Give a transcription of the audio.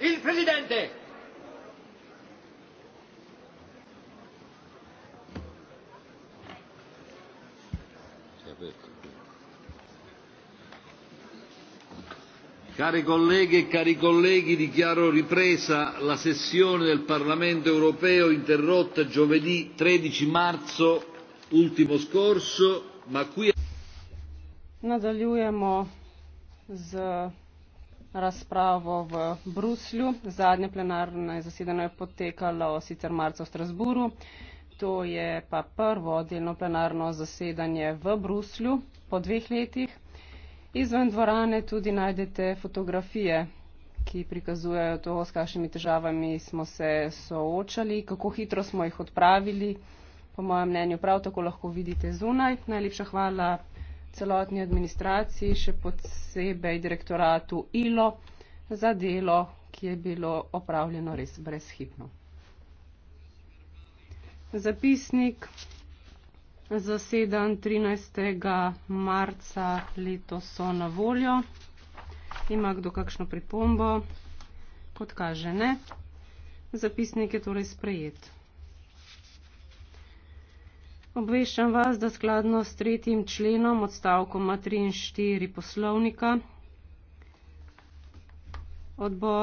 il Presidente. Cari colleghi e cari colleghi, dichiaro ripresa la sessione del Parlamento europeo interrotta giovedì 13 marzo ultimo scorso, ma qui... Nadaljujemo z razpravo v Bruslju. Zadnje plenarno zasedanje je potekalo sicer marca v Strasburu. To je pa prvo delno plenarno zasedanje v Bruslju po dveh letih. Izven dvorane tudi najdete fotografije, ki prikazujejo to, s kakšnimi težavami smo se soočali, kako hitro smo jih odpravili. Po mojem mnenju prav tako lahko vidite zunaj. Najlepša hvala celotni administraciji, še posebej direktoratu ILO za delo, ki je bilo opravljeno res brezhipno. Zapisnik zasedan 13. marca leto so na voljo. Ima kdo kakšno pripombo? Kot kaže ne. Zapisnik je torej sprejet. Obveščam vas, da skladno s tretjim členom odstavkoma 3 in 4 poslovnika odbor.